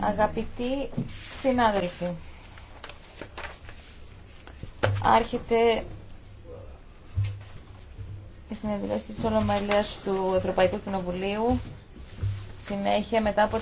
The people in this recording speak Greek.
Αγαπητοί συνάδελφοι, άρχεται η συνεδρίαση της Ολομαλίας του Ευρωπαϊκού Κοινοβουλίου συνέχεια μετά από